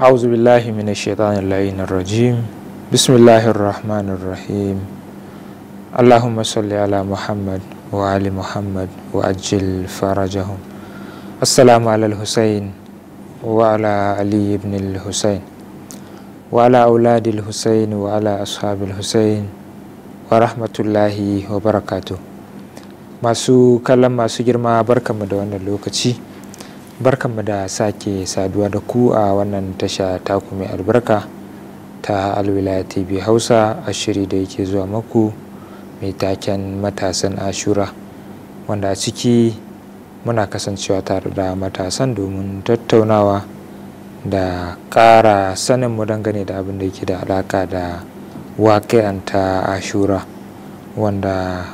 أعوذ بالله من الشيطان اللعين الرجيم بسم الله الرحمن الرحيم اللهم صل على محمد وعلى محمد وأجل فرجهم السلام على الحسين وعلى علي بن الحسين وعلى أولاد الحسين وعلى أصحاب الحسين ورحمة الله وبركاته masu kallon masu girma barkanmu da wannan lokaci barkanmu da sake saduwa da ku a wannan tasha taku mai albarka ta alwila tv hausa a shiri da yake zuwa maku mai taken matasan ashura wanda a ciki muna kasancewa tare da matasan domin tattaunawa da ƙara sanin mu dangane da abin da yake da alaka da wakayanta ashura wanda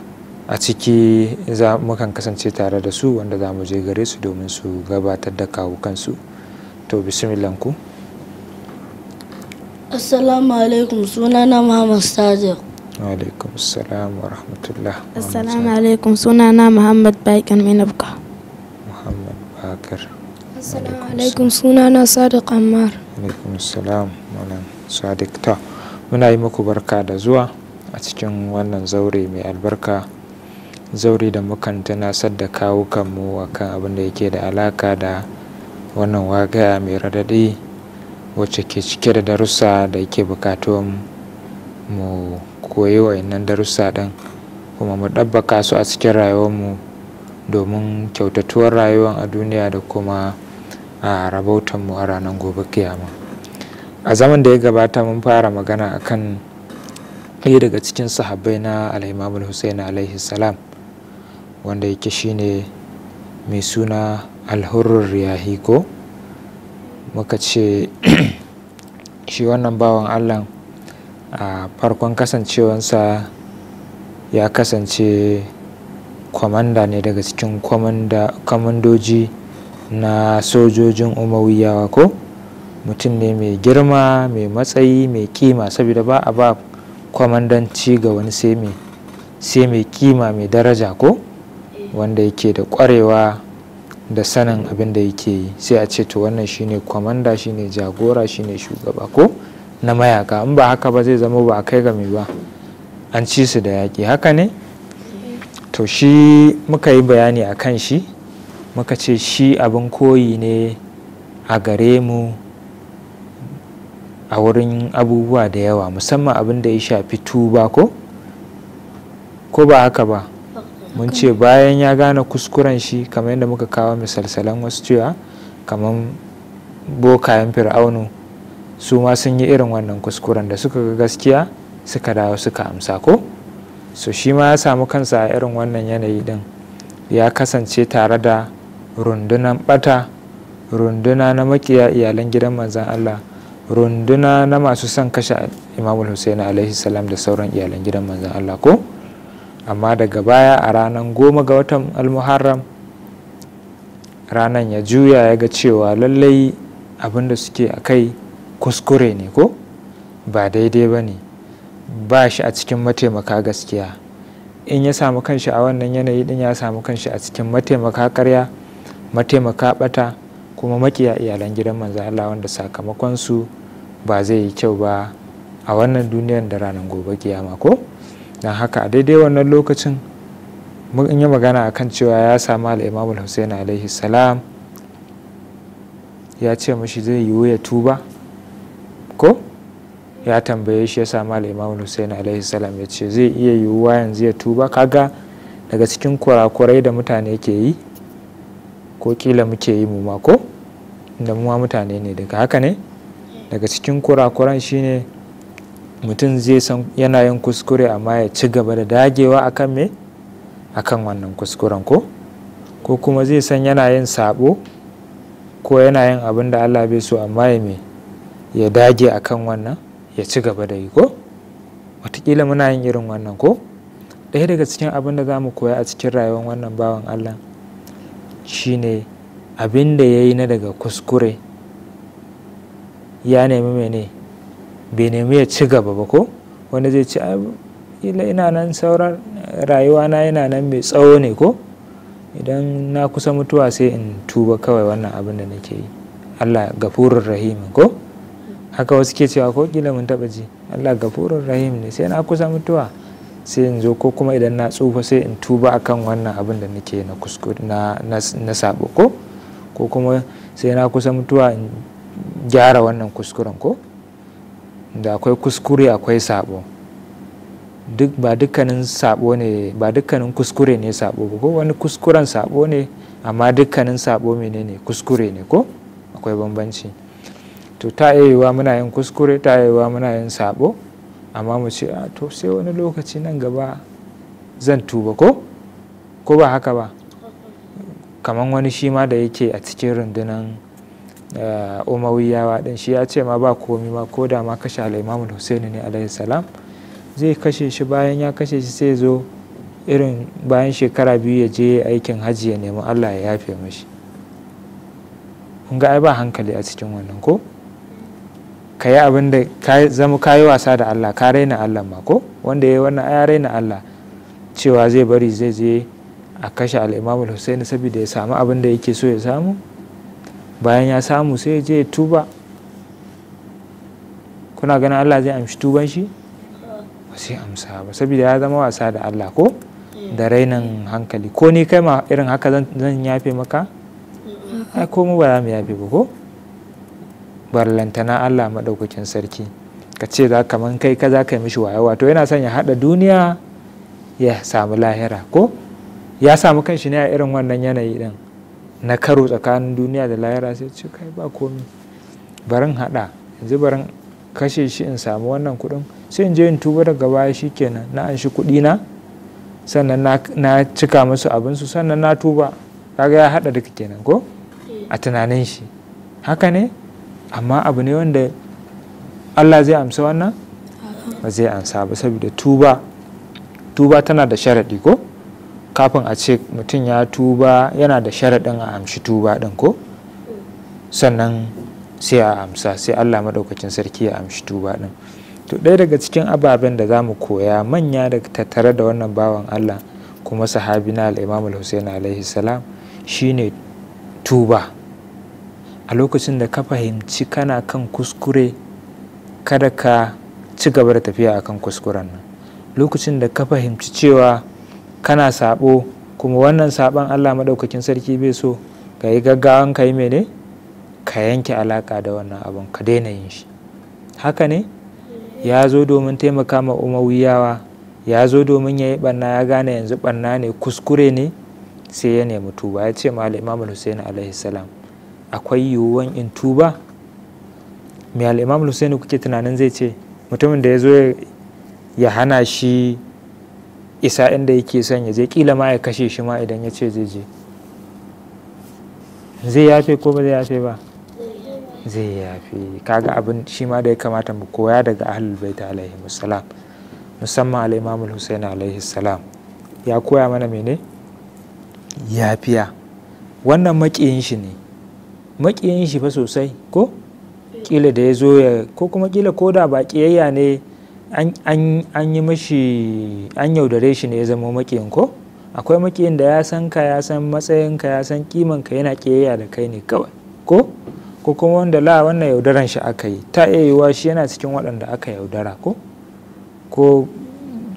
a ciki za mukan kasance tare da su wanda za mu je gare su domin su gabatar da kawo kansu to bismillanku assalamu alaikum suna na muhammad stajir alaikum salam wa rahmatullah assalamu alaikum suna na muhammad bakin minabka muhammad bakar assalamu alaikum suna na sadiq ammar alaikum salam malam sadiq ta muna yi muku barka da zuwa a cikin wannan zaure mai albarka zauri da mukan tana da kawo kanmu a kan abin da yake da alaka da wannan wagaya mai radadi wacce ke cike da darussa da yake bukatun mu koyi wa'annan darussa din kuma mu ɗabbaka su a cikin rayuwarmu domin kyautatuwar rayuwar a duniya da kuma a rabautanmu a ranar gobe kiyama a zaman da ya gabata mun fara magana akan ɗaya daga cikin sahabbai na alhimamul hussein alaihi salam wanda yake ne mai suna alhurrur riyahi ko muka ce shi wannan bawan allah a farkon kasancewansa ya kasance kwamanda ne daga cikin kwamandoji na sojojin umawiyawa ko mutum ne mai girma mai matsayi mai kima saboda ba a ba kwamandanci ga wani sai mai kima mai daraja ko wanda yake da kwarewa da sanin abin da yake yi sai a ce to wannan shine kwamanda shine jagora shine shugaba ko na mayaka in ba haka ba zai zama ba a kai ga ba an ci su da yaƙi haka ne to shi muka yi bayani a kan shi muka ce shi abin koyi ne a gare mu a wurin abubuwa da yawa musamman abin da ya shafi tuba ko ko ba haka ba mun ce bayan ya gane kuskuren shi kamar yadda muka kawo misalsalan wasu cewa kamar bokayen fir'aunu su ma sun yi irin wannan kuskuren da suka ga gaskiya suka dawo suka amsa ko so shi ma ya samu kansa a irin wannan yanayi din ya kasance tare da rundunan bata runduna na makiya iyalan gidan manzan Allah runduna na masu son kashe imamul Hussein alaihi salam da sauran iyalan gidan manzan Allah ko amma daga baya a ranar goma ga watan almuharram ranar ya juya ya ga cewa lallai abin da suke a kai kuskure ne ko ba daidai ba ne ba shi a cikin mataimaka gaskiya in ya samu kanshi a wannan yanayi din ya samu kanshi a cikin mataimaka karya mataimaka bata kuma makiya iyalan gidan manzo Allah wanda su ba zai yi kyau ba a wannan duniyar da ranar gobe kiyama ko na haka a daidai wannan lokacin in yi magana a kan cewa ya sami al'imamul hussein alaihi salam ya ce mashi zai yiwu ya tuba ko ya tambaye shi ya sami al'imamul hussein alaihi salam ya ce zai iya yiwuwa yanzu ya tuba kaga daga cikin kurakurai da mutane ke yi ko kila muke yi mu ma ko da muwa mutane ne daga haka ne daga cikin kurakuran shine mutum zai san yana yin kuskure amma ya ci gaba da dagewa akan me akan wannan kuskuren ko ko kuma zai san yana yin sabo ko yana yin abin da Allah bai so amma ya me ya dage akan wannan ya ci gaba da yi ko watakila muna yin irin wannan ko ɗaya daga cikin abin da za mu koya a cikin rayuwar wannan bawan Allah shine abin da ya yi na daga kuskure ya nemi mene bai nemi ya ci gaba ba ko wani zai ci ina nan sauran rayuwa na yana nan mai tsawo ne ko idan na kusa mutuwa sai in tuba kawai wannan abin da nake yi allah gafurin rahim ko haka wasu ke cewa ko kila mun taba ji allah gafurin rahim ne sai na kusa mutuwa sai in zo ko kuma idan na tsufa sai in tuba akan wannan abin da nake na kuskure na na sabo ko ko kuma sai na kusa mutuwa in gyara wannan kuskuren ko da akwai kuskure akwai sabo duk ba dukkanin sabo ne ba dukkanin kuskure ne sabo ko wani kuskuren sabo ne amma dukkanin sabo menene kuskure ne ko akwai bambanci to ta yayewa muna yin kuskure ta yayewa muna yin sabo amma mu ce a ah, to sai wani lokaci nan gaba zan tuba ko ko ba haka ba kamar wani shi ma da yake a cikin rundunan Eh, umawiyawa din shi ya ce ma ba komi ma ko da ma kashe al'imamul husaini ne alaihi salam zai kashe shi bayan ya kashe shi sai zo irin bayan shekara biyu ya je aikin hajji ya nemi allah ya yafe mashi ga ai ba hankali a cikin wannan ko ka yi abin da ka zama ka yi wasa da allah ka raina allah ma ko wanda ya yi wannan ya raina allah cewa zai bari zai je a kashe al'imamu husaini saboda ya samu abin da yake so ya samu bayan ya samu sai ya je ya tuba kuna ganin Allah zai amshi tuban shi ba sai amsa ba saboda ya zama wasa da Allah ko da rainin hankali ko ni kai ma irin haka zan yafe maka ai ko mu ba za mu yafe ba ko barlantana Allah maɗaukakin sarki ka ce za ka man kai ka za ka yi mishi wayo wato yana son ya haɗa duniya ya samu lahira ko ya samu kanshi ne a irin wannan yanayi din na karo tsakanin duniya da lahira sai ce kai ba komi barin hada yanzu barin kashe shi in samu wannan kuɗin sai in je in tuba daga baya shikenan na an shi kuɗi na sannan na cika musu abinsu sannan na tuba kaga ya hada duka kenan ko eh. a tunanin shi haka ne amma abu ne wanda Allah zai amsa wannan ba zai amsa ba saboda tuba tuba tana da sharaɗi ko kafin a ce mutum ya tuba yana da sharaɗin a amshi tuba ɗin ko sannan sai a amsa sai allah maɗaukacin sarki ya amshi tuba ɗin to ɗaya daga cikin ababen da za mu koya manya da tattare da wannan bawan allah kuma sahabi na al'imamul hussein alaihi salam shine tuba a lokacin da ka fahimci kana kan kuskure kada ka ci gaba da tafiya akan kuskuren nan lokacin da ka fahimci cewa kana sabo kuma wannan saɓon Allah maɗaukakin sarki bai so ka yi gaggawan ka yi mene ka yanke alaka da wannan abun ka daina yin shi haka ne ya zo domin taimaka ma umawiyawa ya zo domin ya yi ɓanna ya gane yanzu ɓanna ne kuskure ne sai ya nemi tuba ya ce mala imam hussein alaihi salam akwai yiwuwan in tuba mai al'imam hussein kuke tunanin zai ce mutumin da ya zo ya hana shi isa inda yake son ya je kila ma ya kashe shi ma idan ya ce zai je zai yafe ko ba zai yafe ba zai yafe kaga abin shi ma da ya kamata mu koya daga ahlul baita alaihi salam musamman al imam husain alaihi salam ya koya mana mene yafiya wannan makiyin shi ne makiyin shi fa sosai ko kila da ya zo ya ko kuma kila ko da ba kiyayya ne an yi mashi an yaudare shi ne ya zama makiyin ko akwai makiyin da ya san ka ya san matsayin ka ya san kiman ka yana kiyayya da kai ne kawai ko ko kuma wanda la wannan yaudaran shi aka yi ta iya yiwuwa shi yana cikin waɗanda aka yaudara ko ko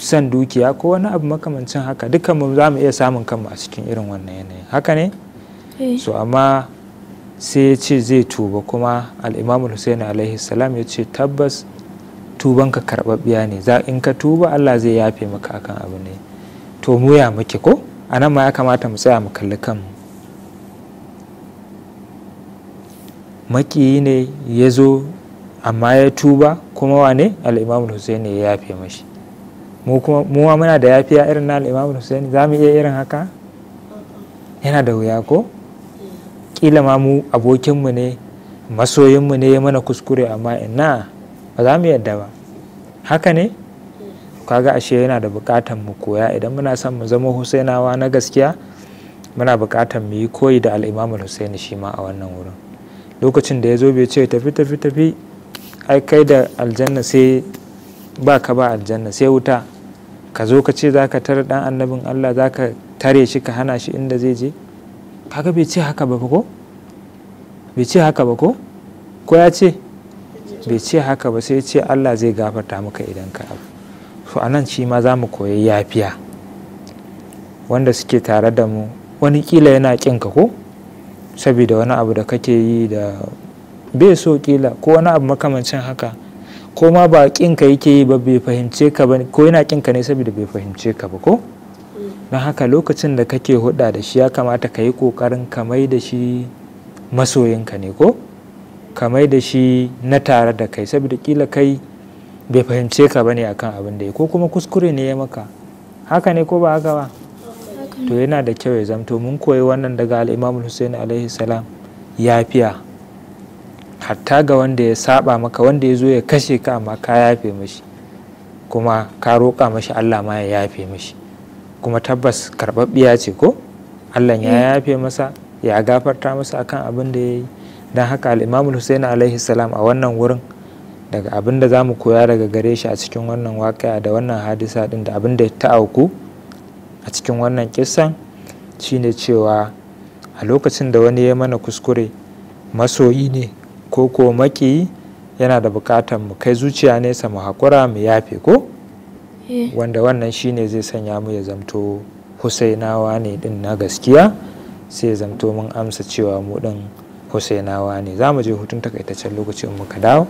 san dukiya ko wani abu makamancin haka dukkan mu za mu iya samun kanmu a cikin irin wannan yanayin haka ne eh. so amma sai ya ce zai tuba kuma al'imamul hussein alaihi salam ya ce tabbas tuban ka karɓaɓɓiya ne za in ka tuba Allah zai yafe maka akan abu ne to mu ya muke ko a ma ya kamata mu tsaya mu kalli kanmu makiyi ne ya zo amma ya tuba kuma wane al'imamu hussein ya yafe mashi mu kuma mu muna da yafiya irin na al'imamu hussein za mu iya irin haka yana da wuya ko kila ma mu abokinmu ne masoyinmu ne ya mana kuskure amma ina ba za mu yadda ba haka ne kaga ashe yana da bukatan mu koya idan muna son mu zama husainawa na gaskiya muna bukatan mu yi koyi da al'imamu husaini shi ma a wannan wurin lokacin da ya zo bai ce tafi tafi tafi ai kai da aljanna sai ba ka ba aljanna sai wuta ka zo ka ce za ka tare dan annabin allah za ka tare shi ka hana shi inda zai je kaga bai ce haka ba ko bai ce haka ba ko ko ya ce bai ce haka ba sai ce Allah zai gafarta maka idan ka abu so anan shi ma za mu koyi yafiya wanda suke tare da mu wani kila yana kin ka ko saboda wani abu da kake yi da bai so kila ko wani abu makamancin haka ko ma ba kin ka yake yi ba bai fahimce ka ba ko yana kin ka ne saboda bai fahimce ka ba ko mm. don haka lokacin da kake hudda da shi ya kamata ka yi kokarin ka mai da shi masoyinka ne ko kamai da shi na tare da kai saboda kila kai bai fahimce ka bane akan abin da ya ko kuma kuskure ne ya maka haka ne ko ba haka ba to yana da kyau ya zamto mun koyi wannan daga al'imamul hussein alaihi salam yafiya hatta ga wanda ya saba maka wanda ya zo ya kashe ka amma ka yafe mashi kuma ka roƙa mashi allah ma ya yafe mashi kuma tabbas karɓaɓɓiya ce ko allah ya mm. yafe masa ya gafarta masa akan abin da ya yi don haka al'imamul husaini alaihi salam a wannan wurin daga abin da za mu koya daga gare shi a cikin wannan waƙa da wannan hadisa din da abin da ya auku a cikin wannan kisan shine cewa a lokacin da wani ya mana kuskure masoyi ne ko ko maƙiyi yana da buƙatar mu kai zuciya nesa mu hakura mu yafe ko eh. wanda wannan shine zai sanya mu ya zamto husainawa ne din na gaskiya sai ya zamto mun amsa cewa mu din. husainawa ne za mu je hutun takaitaccen lokaci in muka dawo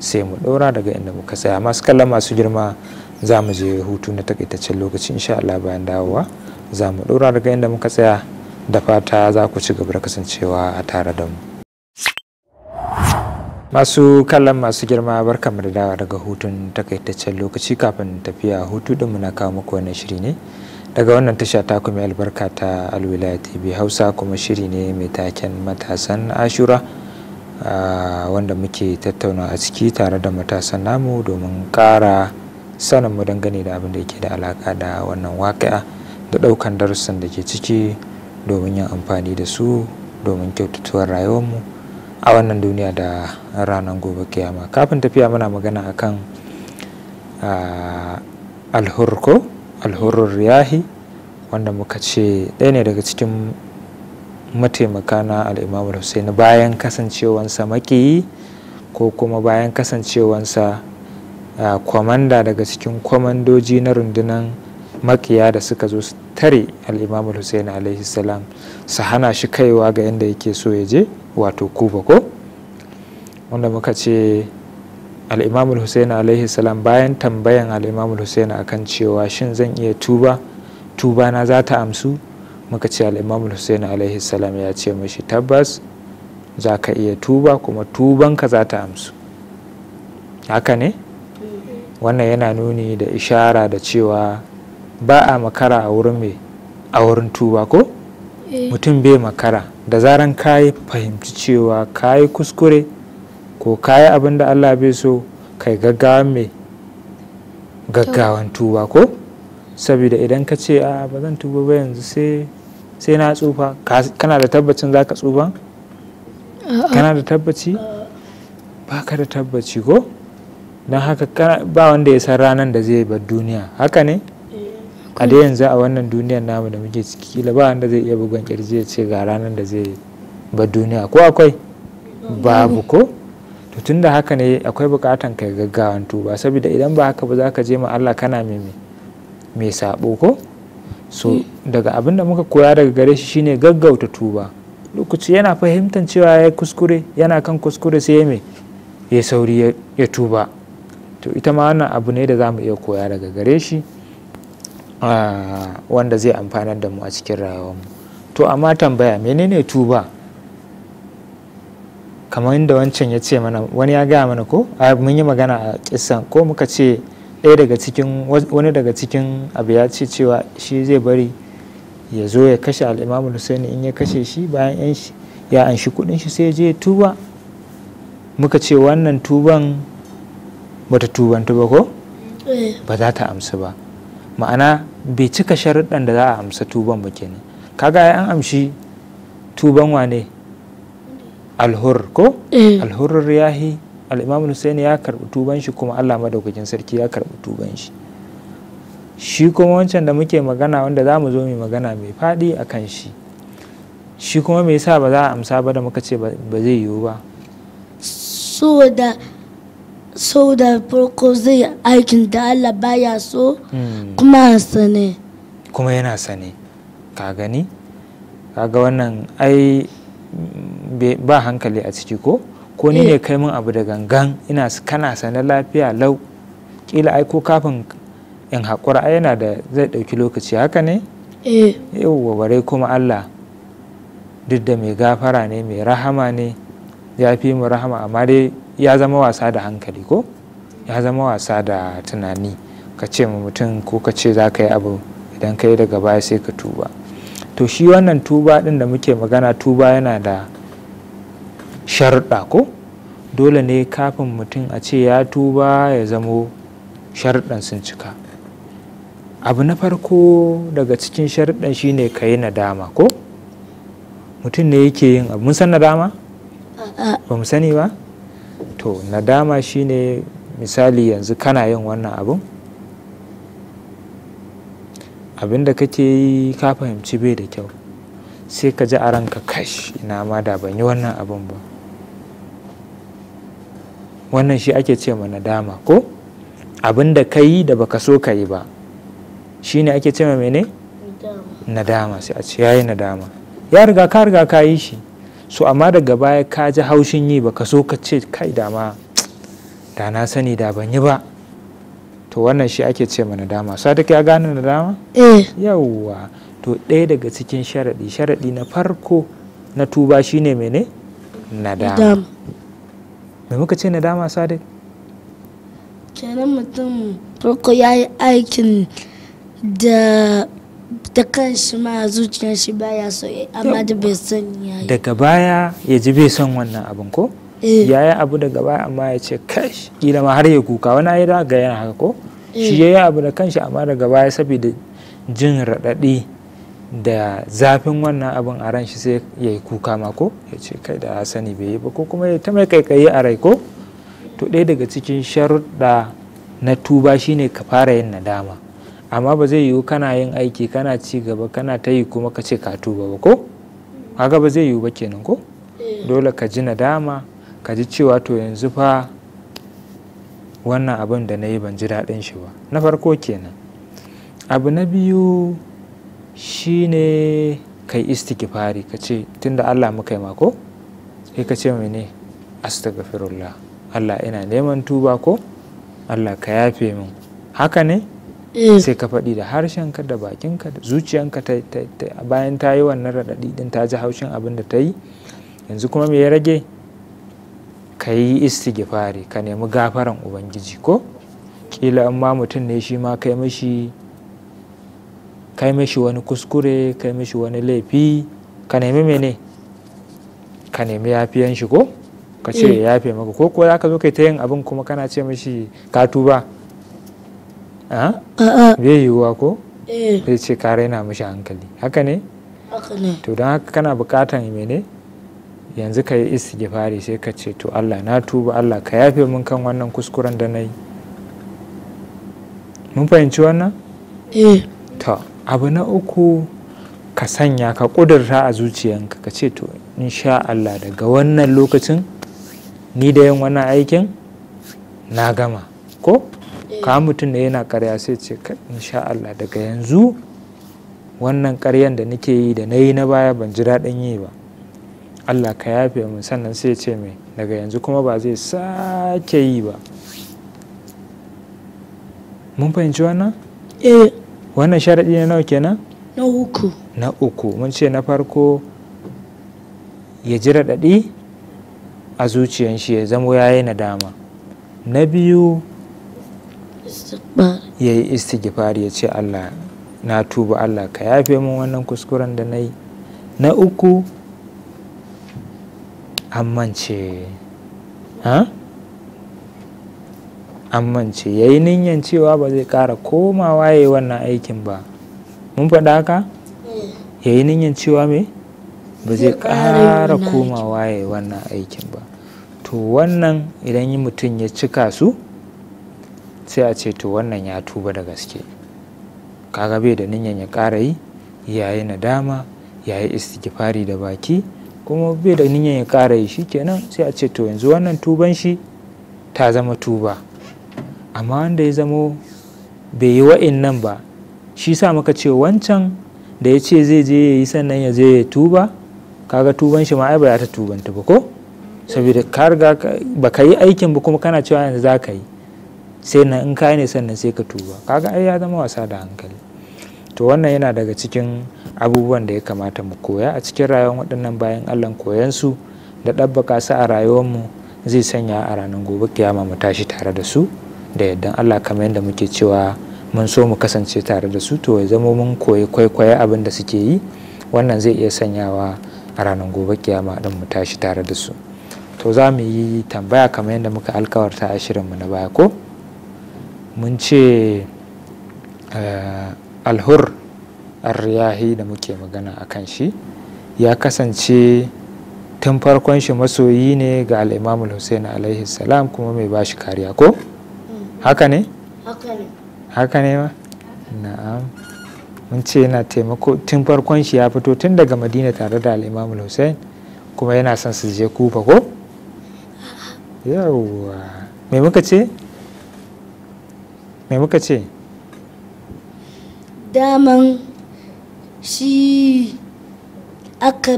sai mu ɗora daga inda muka tsaya masu kallon masu girma za mu je hutu na takaitaccen lokaci insha Allah bayan dawowa za mu ɗora daga inda muka tsaya da fata za ku ci gaba da kasancewa a tare da mu masu kallon masu girma mu da dawa daga hutun takaitaccen lokaci kafin tafiya hutu ɗinmu na kawo muku wannan shiri ne daga wannan tasha ta kuma albarka ta alwilaya tv hausa kuma shiri ne mai taken matasan ashura wanda muke tattauna a ciki tare da matasan namu domin kara sanin mu dangane da abin da yake da alaka da wannan waƙa da ɗaukan darussan da ke ciki domin yin amfani da su domin kyautatuwar mu a wannan duniya da ranar gobe kiyama kafin tafiya muna magana akan alhurko alhurur riyahi wanda muka ce ɗaya ne daga cikin mataimaka na al'imamul husaini bayan kasancewansa makiyi ko kuma bayan kasancewansa kwamanda daga cikin kwamandoji na rundunan makiya da suka zo su tare al'imamu husaini alaihi salam su hana shi kaiwa ga yadda yake so ya je wato kuba ko wanda muka ce al’imamul hussein alaihi salam bayan tambayan al'imamu husaini akan cewa shin zan iya tuba tuba na za ta amsu muka ce al’imamul hussein alaihi salam ya ce mashi tabbas za ka iya tuba kuma tubanka za ta amsu haka ne wannan yana nuni da ishara da cewa ba a makara a wurin mai a wurin tuba ko eh. mutum bai makara da zaran ka fahimci cewa ka yi kuskure ko kayi abin da Allah bai so kai gaggawa mai gaggawan tuba ko saboda idan ka ce a ba zan tuba ba yanzu sai na tsufa kana da tabbacin za ka tsufa kana da tabbaci ba ka da tabbaci ko don haka ba wanda ya san ranar da zai bar duniya haka ne a da yanzu a wannan duniyar namu da muke ciki kila ba wanda zai iya bugan kirji ya ce ga ranar da zai bar duniya ko akwai babu ko to tun da haka ne akwai bukatan kai gaggawan tuba saboda idan ba haka ba za ka je ma Allah kana mai mai sabo ko so mm. daga abin da muka koya daga gare shi shine gaggauta tuba lokaci yana fahimtar cewa ya kuskure yana kan kuskure sai ya mai ya sauri ya tuba to ita ma wannan abu ne da za mu iya koya daga gare shi ah, wanda zai amfanar da mu a cikin mu to amma tambaya menene tuba kamar inda wancan ya ce mana wani ya gaya mana ko mun yi magana a kisan ko muka ce ɗaya daga cikin wani daga cikin abu ya ce cewa shi zai bari ya zo ya kashe al'imamu husaini in ya kashe shi bayan ya anshi kudin shi sai je tuba muka ce wannan tuban bata tubantu ba ko eh. ba za ta amsa ba ma'ana bai cika sharuɗan da za a amsa tuban ba kenan kaga an amshi tuban wane alhur ko eh. alhurur riyahi al-imam Hussein ya karɓi tuban shi kuma Allah madaukakin sarki ya karɓi tuban shi shi kuma wancan da muke magana wanda za mu zo mai magana mai faɗi akan shi shi kuma me yasa ba za a amsa ba da muka ce ba zai yiwu ba so da farko zai aikin da Allah baya so hmm. kuma sane kuma yana sane ka gani kaga wannan ai ba hankali a ciki ko ko ni ne eh. kai min abu da gangan ina kana sanar lafiya lau kila ai ko kafin in hakura ai yana da zai ɗauki lokaci haka ne eh. yauwa bare kuma Allah duk da mai gafara ne mai rahama ne ya fi mu rahama amma dai ya zama wasa da hankali ko ya zama wasa da tunani ka ce ma mutum ko ka ce za ka yi abu idan ka yi daga baya sai ka tuba to shi wannan tuba ɗin da muke magana tuba yana da sharɗa ko dole ne kafin mutum a ce ya tuba ya zamo sharɗan sun cika abu na farko daga cikin sharɗan shine ka yi nadama ko mutum ne yake yin abu mun san nadama ba mu sani ba to nadama shine misali yanzu kana yin wannan abun abin da kake yi ka fahimci bai da kyau sai ka ji a ranka kash ina ma da ban yi wannan abin ba wannan shi ake ce mana nadama ko abin da ka yi da baka so ka yi ba shi ne ake ce ma mene nadama sai a ce ya yi nadama ya riga ka riga ka yi shi so amma daga baya ka ji haushin yi baka so ka ce kai dama da na sani da ban yi ba to wannan shi ake ce mana dama sadiq ya gane na dama eh yawwa to ɗaya daga cikin sharaɗi sharaɗi na farko na tuba shine mene nadama me muka ce nadama sadiq kenan mutum farko ya yi aikin da da kan shi ma zuciyar shi baya so amma da bai son ya yi daga baya ya ji bai son wannan abin ko eh. ya yi abu daga baya amma ya ce kai kila ma har ya kuka wani ayi ga yana haka ko shi eh. ya yi abu da kanshi amma daga baya saboda jin raɗaɗi da zafin wannan abin a ran shi sai ya yi kuka ma ko ya ce kai da sani bai yi ba ko kuma ya ta mai kaikayi a rai ko to ɗaya daga cikin sharuɗa na tuba shine ka fara yin nadama amma ba zai yiwu kana yin aiki kana ci gaba kana ta yi kuma ka ce ka tuba ba ko haka ba zai yiwu ba kenan ko eh. dole ka ji nadama ka ji cewa to yanzu fa wannan abin da na yi ban ji daɗin shi ba na farko kenan abu na biyu shine kai istikifari ka ce tunda Allah muka yi mako sai ka ce mene astaghfirullah Allah ina neman tuba ko Allah ka yafe min haka ne eh. sai ka faɗi da harshenka da bakinka da zuciyanka bayan ta yi wannan raɗaɗi ɗin ta ji haushin abin da ta yi yanzu kuma me ya rage ka yi istighfari ka nemi gafaran ubangiji ko kila in ma mutum ne shi ma kai mashi kai mishi wani kuskure kai mishi wani laifi ka nemi mene ka nemi yafiyan shi ko ka ce ya yafe maka ko ko zaka zo kai ta yin abin kuma kana ce mashi ka tuba bai yiwuwa ko eh. zai ce ka raina mashi hankali haka ne to don haka kana bukatan mene yanzu ka yi istighfari sai ka ce to Allah na tuba Allah ka yafe mun kan wannan kuskuren da na yi mun fahimci wannan? eh ta abu na uku ka sanya ka ƙudurta a zuciyanka ka ce to insha Allah daga wannan lokacin ni da yin wannan aikin na gama ko? Eh. ka mutum da yana karya sai ce insha Allah daga yanzu wannan karyan da nake yi da na yi na baya ban ji daɗin yi ba Allah ka yafe mu sannan sai ce mai daga yanzu kuma ba zai sake yi ba mun fahimci wannan eh wannan sharaɗi ne nawa kenan na uku na uku mun ce na farko ya ji raɗaɗi a zuciyan shi ya zamo ya yi nadama na biyu ya yi istigifar ya ce Allah na tuba Allah ka yafe mun wannan kuskuren da na yi na uku an ha? an ya yi niyan cewa ba zai ƙara komawa ya yi wannan aikin ba mun faɗa ka? Eh. ya yi niyan cewa me ba zai ƙara komawa ya yi wannan aikin ba to wannan idan yi mutum ya cika su sai a ce to wannan ya tuba da gaske kaga bai da niyan ya ƙara yi yayi nadama yayi istighfari da baki kuma bai da niyan ya kara yi shi kenan sai a ce to yanzu wannan tuban shi ta zama tuba amma wanda ya zamo bai yi wa'in nan ba shi sa maka ce wancan da ya ce zai je ya yi sannan ya je ya tuba kaga tuban shi ma ai ba za ta tubanta ba ko saboda ka riga ba ka yi aikin ba kuma kana cewa yanzu za ka yi sai na in ka ne sannan sai ka tuba kaga ai ya zama wasa da hankali to wannan yana daga cikin abubuwan da ya kamata mu koya a cikin rayuwar waɗannan bayan allah koyansu da ɗabbaka su a rayuwarmu zai sanya a ranar gobe kiyama mu tashi tare da su da yadda allah kamar yadda muke cewa mun so mu kasance tare da su to ya zama mun koyi kwaikwaye abin da suke yi wannan zai iya sanyawa a ranar gobe kiyama ɗin mu tashi tare da su to za mu yi tambaya kamar yadda muka alkawarta a shirin mu na baya ko mun ce eh, alhur arriyahi da muke magana a kan shi ya kasance tun farkon shi masoyi ne ga al’imamu hussein alaihi salam kuma mai bashi kariya ko mm. haka ne haka ne ma na'am mun ce yana taimako tun farkon shi ya fito tun daga madina tare da al’imamu hussein kuma yana son su je kufa ko yawwa mai muka ce me muka ce daman shi aka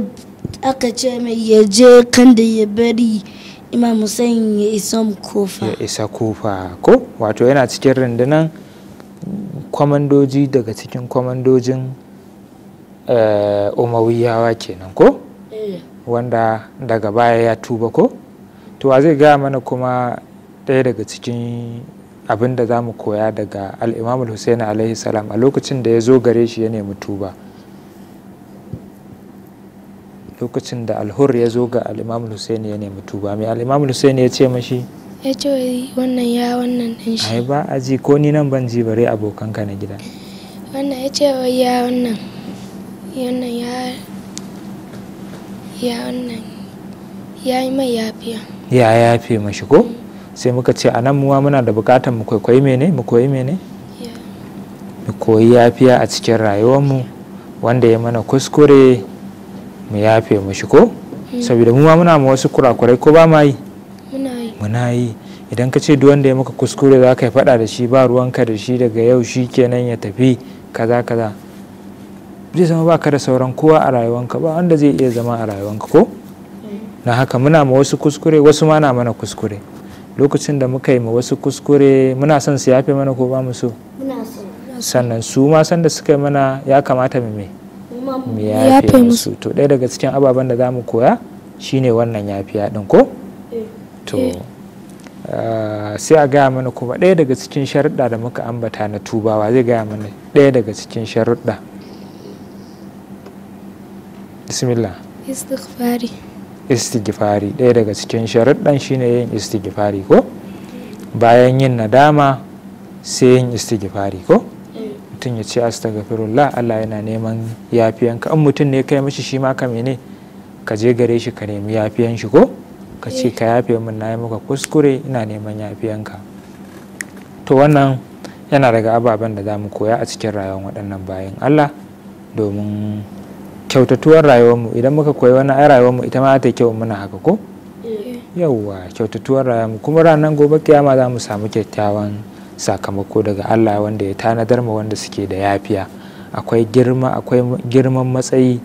ce mai ya je kan da ya bari imam musayin ya isa kofa ya isa kofa ko wato yana cikin rundunan kwamandoji daga cikin kwamandojin eh, umawiyawa kenan ko eh. wanda daga baya ya tuba ko to zai gaya mana kuma ɗaya daga cikin abinda da za mu koya daga al'imamul hussein alaihi salam a lokacin da ya zo gare shi ya nemi tuba lokacin da alhur ya zo ga al'imam hussein ya nemi tuba mai al'imam hussein ya ce mashi ya ce wannan ya wannan din shi ai ba a ji ko ni nan ban ji bare abokanka na gida wannan ya ce ya wannan wannan ya ya wannan ya yi mai yafiya ya yafe mashi ko sai muka ce anan muwa muna da bukatan mu kwaikwayi mene mu koyi mene mu koyi yafiya a cikin rayuwar mu wanda ya mana kuskure mu yafe mushi ko eh. saboda mu ma muna ma wasu kurakurai ko ba ma yi muna yi idan ka ce duk wanda ya maka kuskure za ka yi faɗa da shi ba ruwanka da shi daga yau shi kenan ya tafi kaza kaza zai zama baka da sauran kowa a rayuwanka ba wanda zai iya zama a rayuwanka ko eh. na haka muna ma wasu kuskure wasu ma na mana kuskure lokacin da muka yi ma wasu kuskure muna son su yafe mana ko ba mu so sannan su ma san da suka yi mana ya kamata mu me mu yafe musu to ɗaya daga cikin ababen da za mu koya shine wannan yafiya ɗin ko eh, to eh. Ah, sai a gaya mana kuma ɗaya daga cikin sharuɗa da muka ambata na tubawa zai gaya mana ɗaya daga cikin sharuɗa bismillah istighfari ɗaya daga cikin sharuɗan shine yin istighfari ko bayan yin nadama sai yin istighfari ko mutum ya ce astaghfirullah Allah yana neman yafiyanka in mutum ne kai mishi shi ma ka mene ka je gare shi ka nemi yafiyan shi ko ka ce ka yafe min na yi maka kuskure ina neman yafiyanka to wannan yana daga ababen da za mu koya a cikin rayuwar waɗannan bayan Allah domin kyautatuwar rayuwarmu idan muka koyi wani ai mu ita ma ta kyau muna haka ko eh. yawwa kyautatuwar rayuwarmu kuma ranar gobe kiyama za mu samu kyakkyawan sakamako daga Allah wanda ya tanadar ma wanda suke da yafiya akwai girma akwai girman matsayi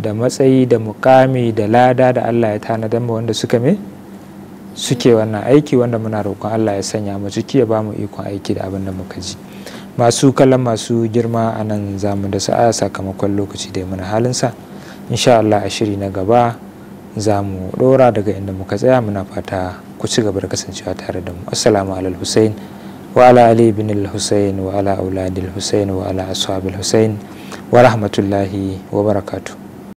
da matsayi da mukami da lada da Allah ya tanadar mu wanda suka me suke wannan aiki wanda muna roƙon Allah ya sanya mu ciki ya bamu ikon aiki da abin da muka ji masu kallon masu girma a nan zamu da sa'a sakamakon lokaci da muna halinsa insha Allah a shiri na gaba za mu ɗora daga inda muka tsaya muna fata ku ci gaba da kasancewa tare da mu assalamu alal hussein وعلى علي بن الحسين وعلى أولاد الحسين وعلى أصحاب الحسين ورحمة الله وبركاته